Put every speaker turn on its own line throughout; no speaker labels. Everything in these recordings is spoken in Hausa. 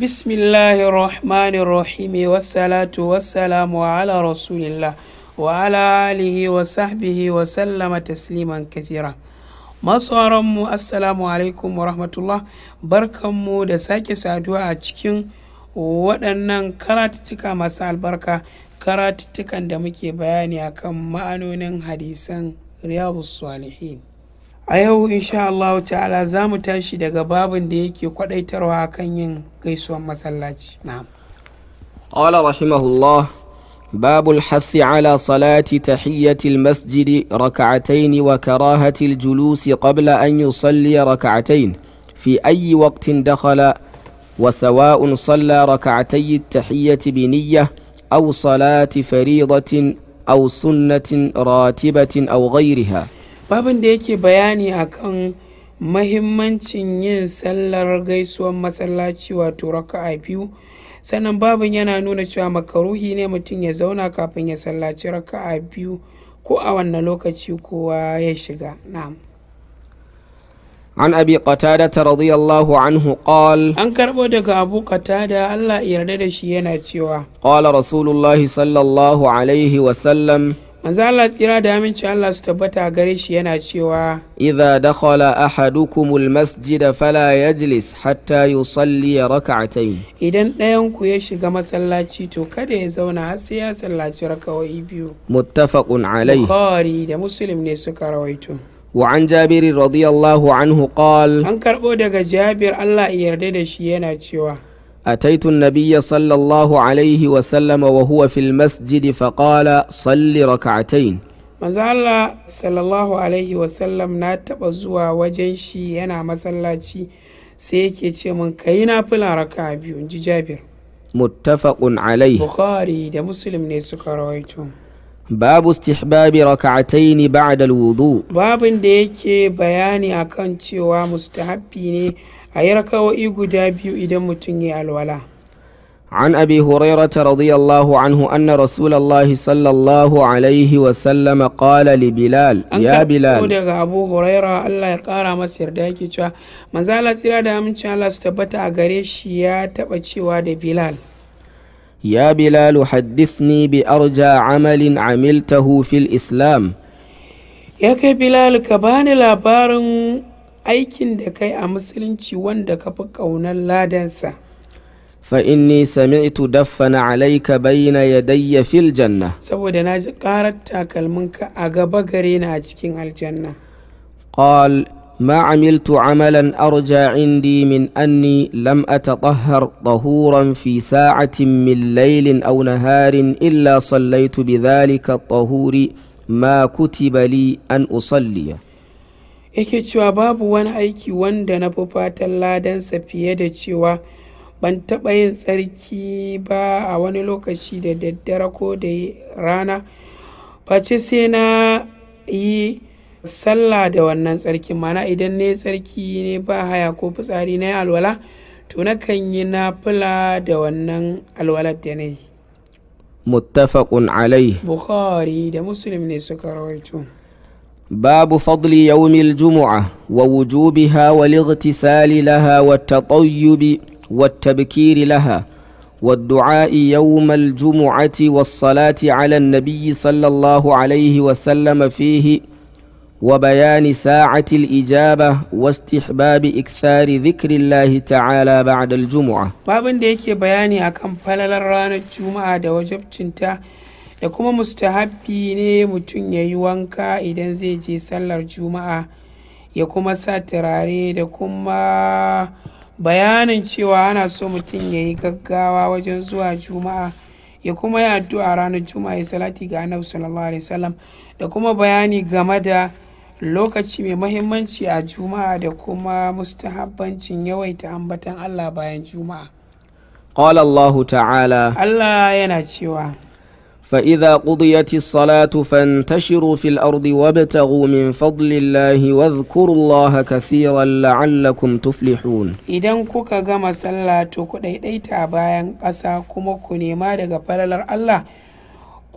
bismillahirrahmanirrahim wassalatu wassalamu ala rasulillah wa ala alihi wa sahbihi wa sallama tasliman kathira mu assalamu alaikum wa rahmatullah barkanmu da sake saduwa a cikin waɗannan karatuttuka masu albarka karatuttukan da muke bayani akan ma'anonin hadisan riyadus salihin ayau insha Allah ta'ala za mu tashi daga babin da yake kwadaitarwa kan yin gaisuwar masallaci na'am
qala rahimahullah باب الحث على صلاة تحية المسجد ركعتين وكراهة الجلوس قبل أن يصلي ركعتين في أي وقت دخل وسواء صلى ركعتي التحية بنية أو صلاة فريضة أو سنة راتبة أو غيرها
babin da yake bayani akan mahimmancin yin sallar gaisuwar masallaci wato raka'a biyu sannan babin yana nuna cewa makaruhi ne mutum ya zauna kafin ya sallaci raka'a biyu ko a wannan lokaci kowa ya shiga na'am
عن أبي قتادة رضي الله عنه قال أن
"Allah أبو قتادة الله shi" yana
قال رسول الله صلى الله عليه وسلم
manzo Allah tsira da aminci Allah su tabbata gare shi yana cewa
idza dakhala ahadukumul masjid fala yajlis hatta yusalli rak'atayn
idan ɗayan ku ya shiga masallaci to kada ya zauna har sai ya sallaci rakawai biyu
muttafaqun alayhi
bukhari da muslim ne suka rawaito
وعن جابر رضي الله عنه قال
أنكر yarda da shi, yana cewa.
A taitun صلى الله عليه وسلم وهو في المسجد فقال صل ركعتين
mazala sallallahu alaihi na taɓa zuwa wajen shi yana masallaci sai yake ce min ka yi nafila raka biyu ji jabir
muttafaqun alai
bukhari da muslim ne suka rawaito
babu istihbabi raka'ataini ba'da alwudu
babin da yake bayani akan cewa mustahabbi ne a yi rakawa igu da biyu idan mutum ya alwala. an
abi hurera ta radiyallahu anhu an na rasulallah sallallahu alaihi wasallama kala li bilal ya bilal an
daga abu hurera allah ya ƙara masu yarda yake cewa mazala tsira da amince allah su tabbata a gare shi ya taɓa cewa da bilal
ya bilal haddis ni bi arja amalin amiltahu fil islam
ya kai bilal ka bani labarin aikin da kai a musulunci wanda ka fi ƙaunar ladansa.
fa inni sami'tu daffana alayka bayna yadayya fil janna
saboda na ji qarar takalmin ka a gaba gare na cikin aljanna
qal ma amiltu amalan arja indi min anni lam atatahhar tahuran fi sa'atin min laylin aw naharin illa Sallaitu bidhalika at-tahuri ma kutibali an u usalliya
yake cewa babu wani aiki wanda na fi fatan ladansa fiye da cewa ban taɓa yin tsarki ba a wani lokaci da daddare ko da rana face sai na yi sallah da wannan tsarkin mana idan ne tsarki ne ba haya ko fitsari na yi alwala to na kan yi na fula da wannan alwalar da na yi
muttafaqun alai
bukhari da muslim ne suka rawaito
باب فضل يوم الجمعة ووجوبها والاغتسال لها والتطيب والتبكير لها والدعاء يوم الجمعة والصلاة على النبي صلى الله عليه وسلم فيه وبيان ساعة الإجابة واستحباب إكثار ذكر الله تعالى بعد الجمعة
باب ديكي بياني أكم فلل الجمعة دا وجبتنتا da kuma mustahabbi ne mutum ya yi wanka idan zai je sallar juma'a ya kuma sa turare da kuma bayanin cewa ana so mutum ya yi gaggawa wajen zuwa juma'a ya kuma yi addu'a ranar juma'a ya salati ga annabi sallallahu alaihi wasallam da kuma bayani game da lokaci mai mahimmanci a juma'a da kuma mustahabbancin yawaita ambatan allah bayan juma'a
qala ta'ala
allah yana cewa
فإذا قضيت الصلاة فانتشروا في الأرض وابتغوا من فضل الله واذكروا الله كثيرا لعلكم تفلحون
إذا كوكا غما صلاة كودي ديتا بايان قسا كما كوني ما دغا فلالر الله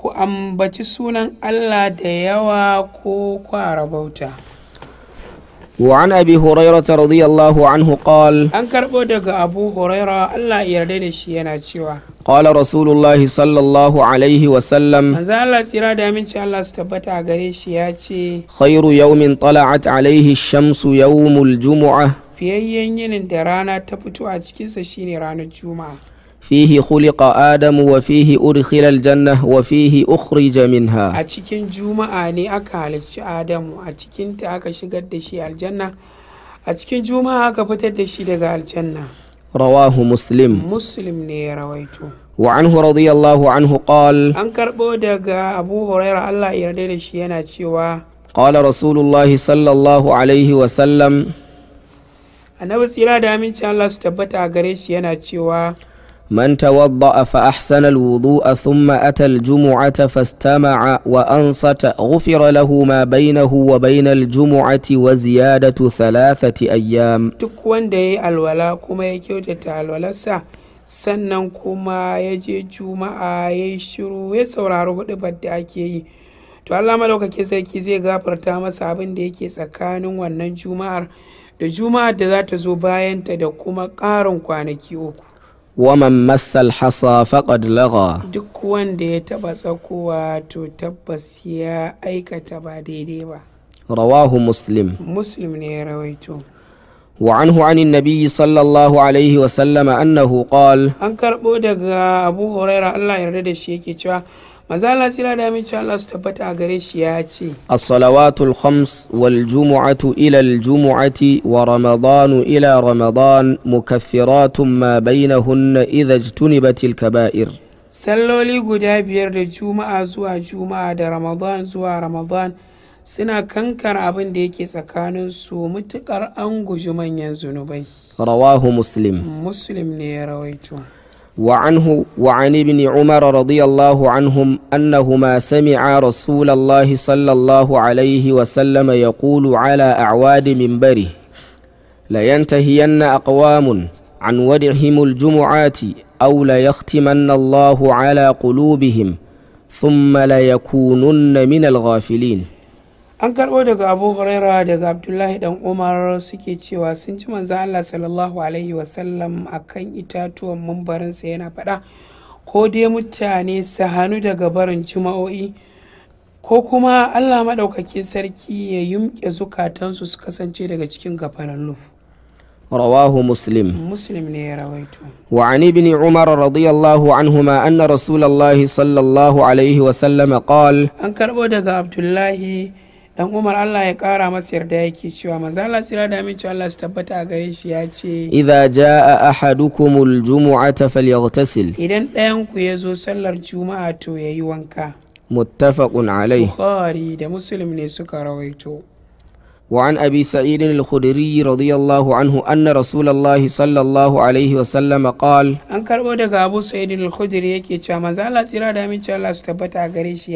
ku ambaci sunan Allah da yawa ko kwara bauta.
وعن أبي هريرة رضي الله عنه قال
أنكر بودك أبو هريرة الله يرده شيئا شوى
Ƙwala Rasulullahi sallallahu Alaihi wasallam.
Maza Allah tsira da aminci Allah su tabbata a gare shi ya ce,
Khairu yaumin tala'at alaihi shamsu yaumul jumu'a.
Fiyayyen da rana ta fito a cikinsa shine ranar Juma'a.
Fihi khuliqa Adamu wa fihi udkhila aljanna wa fihi ukhrija minha. A
cikin Juma'a ne aka halarci Adamu a cikinta aka shigar da shi aljanna. A cikin Juma'a aka fitar da shi daga aljanna.
rawahu muslim
muslim ne ya rawaito
wa anhu radiyallahu anhu qal
an karɓo daga abu huraira Allah ya da shi yana cewa
qala rasulullahi sallallahu alaihi wa sallam
annabi tsira da aminci Allah su tabbata a gare shi yana cewa
من توضأ فأحسن الوضوء ثم أتى الجمعة فاستمع وأنصت غفر له ما بينه وبين الجمعة وزيادة ثلاثة أيام
duk wanda ya yi alwala kuma ya kyautata alwalarsa sannan kuma ya je juma'a ya yi shiru ya saurari huɗu da ake yi to Allah madaukake sarki zai gafarta masa abin da yake tsakanin wannan juma'ar da juma'ar da za ta zo bayanta da kuma ƙarin kwanaki uku
wa man masal hasa faqad
duk wanda ya taba tsakuwa to tabbas ya aikata ba daidai ba
rawahu muslim
muslim ne ya rawaito
wa an hu anin nabi sallallahu alaihi wasallama annahu kal
an karɓo daga abu horaira allah ya rada da shi yake cewa mazala sira da aminci Allah su tabbata a gare shi ya ce
as-salawatul khams wal jumu'atu ila al jumu'ati wa ramadanu ila ramadan mukaffiratun ma bainahunna idza ijtunibat kaba'ir
salloli guda biyar da juma'a zuwa juma'a da ramadan zuwa ramadan suna kankar abin da yake tsakanin su mutukar an guji manyan zunubai
rawahu muslim
muslim ne ya rawaito
وعنه وعن ابن عمر رضي الله عنهم أنهما سمعا رسول الله صلى الله عليه وسلم يقول على أعواد منبره لينتهين أقوام عن ودعهم الجمعات أو ليختمن الله على قلوبهم ثم ليكونن من الغافلين
an karbo daga abu huraira daga abdullahi dan umar suke cewa sun ci manzan allah sallallahu alaihi wasallam a kan itatuwan mambarinsa yana faɗa ko dai mutane su hannu daga barin juma'o'i ko kuma allah maɗaukakin sarki ya yumke zukatansu su kasance daga cikin gafanallu
رواه مسلم مسلم وعن ابن عمر رضي الله عنهما أن رسول الله صلى الله عليه وسلم قال
أنكر عبد الله dan umar allah ya kara masa yarda yake cewa manzo allah sira da aminci allah su tabbata a gare shi ya ce
idza jaa ahadukum aljum'ata falyaghtasil
idan ɗayan ku ya zo sallar juma'a to yayi wanka
muttafaqun alayhi
bukhari da muslim ne suka rawaito
وعن أبي سعيد الخدري رضي الله عنه أن رسول الله صلى الله عليه وسلم قال
أن كربو أبو سعيد الخدري يكي تشا منزالا سيرادة من تشا الله ستبتا غريش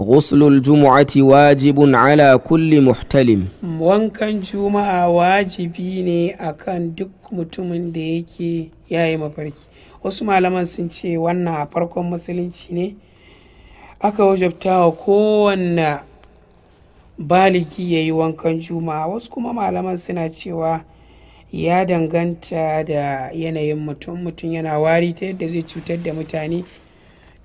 غسل الجمعة wajibin ala kulli محتلم
wankan juma'a wajibi ne akan duk mutumin da yake yayi mafarki wasu malaman sun ce wannan farkon musulunci ne aka wajabta wa kowanne baliki ya yi wankan juma'a wasu kuma malaman suna cewa ya danganta da yanayin mutum mutum yana wari ta yadda zai cutar da mutane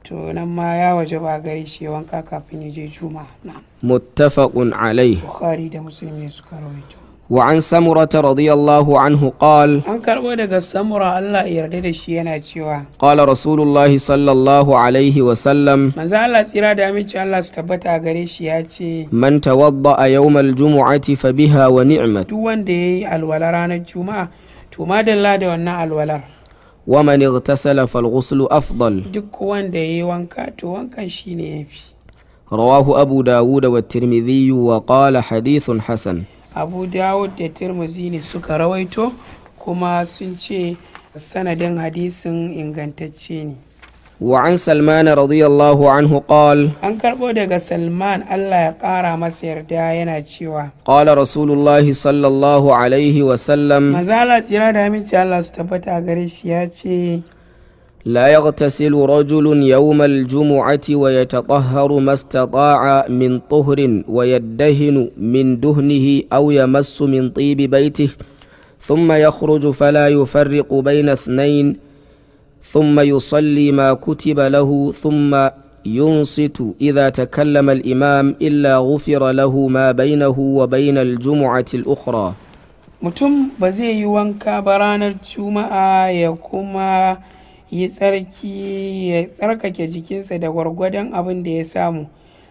to nan ma ya waje ba gari shi wanka kafin ya je juma'a
muttafaqun alai
bukhari da muslim ne suka rawaito
wa an samura radiyallahu anhu qal an
karbo daga samura Allah ya yarda da shi yana cewa
qala rasulullah sallallahu alaihi wa sallam
manzo Allah tsira da amince Allah su tabbata gare shi ya ce
man tawadda yawm al-jum'ati fa biha wa ni'mat
duk wanda yayi alwala ranar juma'a to madalla da wannan alwalar
wa man ightasala fal afdal
duk wanda yayi wanka to wankan shine yafi
rawahu abu dawud wa tirmidhi wa qala hadithun hasan
abu dawud da tirmidhi ne suka rawaito kuma sun ce sanadin hadisin ingantacce ne
وعن سلمان رضي الله عنه قال
أن كربو دغ سلمان الله يقارى مسير داينا تشيوا
قال رسول الله صلى الله عليه وسلم
مازال تيرا دامي الله استبتا غريش ياتي
لا يغتسل رجل يوم الجمعة ويتطهر ما استطاع من طهر ويدهن من دهنه أو يمس من طيب بيته ثم يخرج فلا يفرق بين اثنين ثم يصلي ما كتب له ثم ينصت إذا تكلم الإمام إلا غفر له ما بينه وبين الجمعة الأخرى
mutum ba zai yi wanka ba ranar juma'a ya kuma yi tsarki ya tsarkake jikinsa da gwargwadon abin da ya samu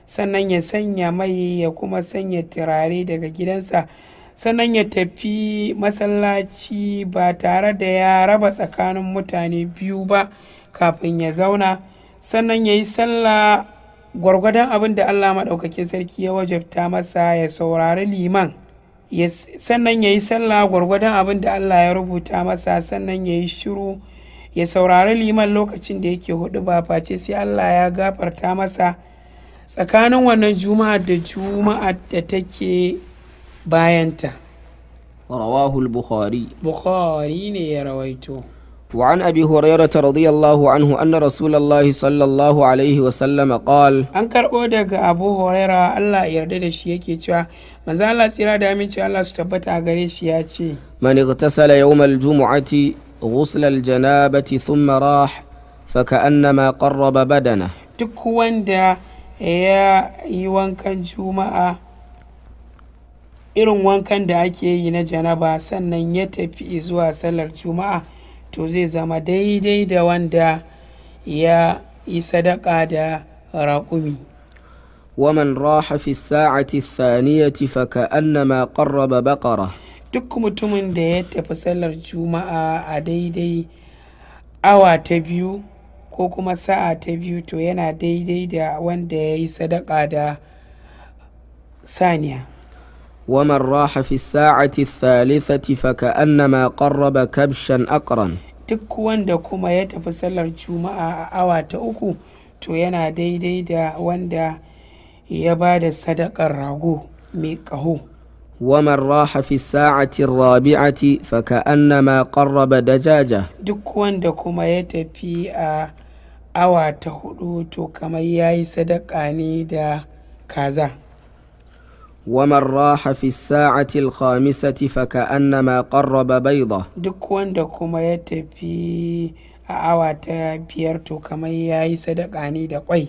sannan ya sanya mai ya kuma sanya turare daga gidansa sannan ya tafi masallaci ba tare da ya raba tsakanin mutane biyu ba kafin ya zauna sannan ya yi sallah gwargwadon abin da allah maɗaukakin sarki ya wajabta masa ya saurari liman sannan ya yi sallah gwargwadon abin da allah ya rubuta masa sannan ya yi shiru ya saurari liman lokacin da yake hudu ba face sai allah ya gafarta masa tsakanin wannan juma'a da juma'a da take bayanta rawahu
al-bukhari
bukhari ne ya rawaito
وعن أبي هريرة رضي الله عنه أن رسول الله صلى الله عليه وسلم قال
أن كربو دغ Allah هريرة yarda da shi yake cewa manzo Allah tsira da aminci Allah su tabbata a gare shi ya ce
man igtasala yawm al-jum'ati ghusl al-janabati thumma rah fa ka'annama qarraba badana
duk wanda ya yi wankan juma'a irin wankan da ake yi na janaba sannan ya tafi zuwa salar juma'a to zai zama daidai da wanda ya yi sadaka da raƙumi
waman raha fi sa'ati thaniyati fa ka'annama qarraba baqara
duk mutumin da ya tafi salar juma'a a daidai awa ta biyu ko kuma sa'a ta biyu to yana daidai da wanda ya yi sadaka da saniya
ومن راح في الساعة الثالثة فكأنما قرب كبشا أقرن
duk wanda kuma ya tafi sallar juma'a a awa ta uku to yana daidai da wanda ya ba da sadakar rago mai ƙaho
ومن راح في الساعة الرابعة فكأنما قرب Dajaja.
duk wanda kuma ya tafi a awa ta hudu to kamar yayi sadaka ne da kaza
ومن راح في الساعة الخامسة فكأنما قرب بيضة
duk wanda kuma ya tafi a awa ta biyar to kamar yayi sadaka ne da kwai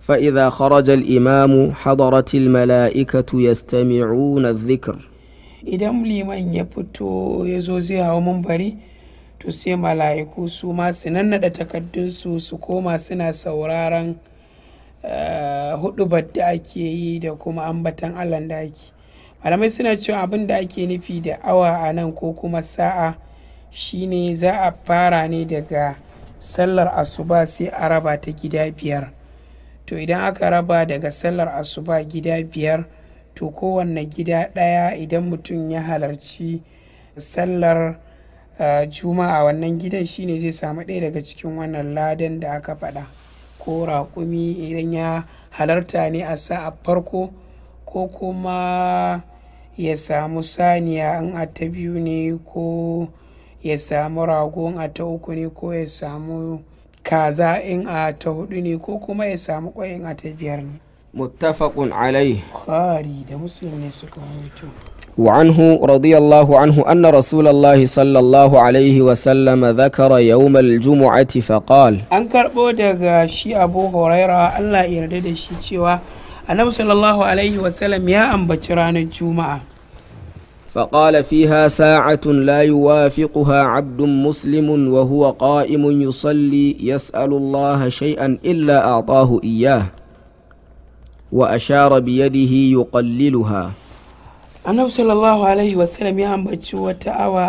فإذا خرج الإمام حضرت الملائكة يستمعون الذكر
idan liman ya fito ya zo zai hau mambari to sai mala'iku su ma su nannaɗa takardunsu su koma suna sauraron Eh, hudu da ake yi da kuma ambatan allah da ake malamai suna cewa abin da ake nufi da awa a nan ko kuma sa'a shine za a fara ne daga sallar asuba sai a raba ta gida biyar to idan aka raba daga sallar asuba gida biyar to kowanne gida ɗaya idan mutum ya halarci sallar eh, juma'a wannan gidan shine zai samu ɗaya daga cikin wannan ladan da aka faɗa. ko raƙumi idan ya halarta ne a sa a farko ko kuma ya samu saniya in a ta biyu ne ko ya samu rago in a ta uku ne ko ya samu kaza in a ta hudu ne ko kuma ya samu kwai in a ta biyar ne
muttafaqun alai khari da musulmi ne suka mutu وعنه رضي الله عنه أن رسول الله صلى الله عليه وسلم ذكر يوم الجمعة فقال
أنكر بودك شي أبو هريرة الله يردد شي النبي صلى الله عليه وسلم يا أم بشران الجمعة
فقال فيها ساعة لا يوافقها عبد مسلم وهو قائم يصلي يسأل الله شيئا إلا أعطاه إياه وأشار بيده يقللها
annabi sallallahu alaihi wasallam ya ambaci wata awa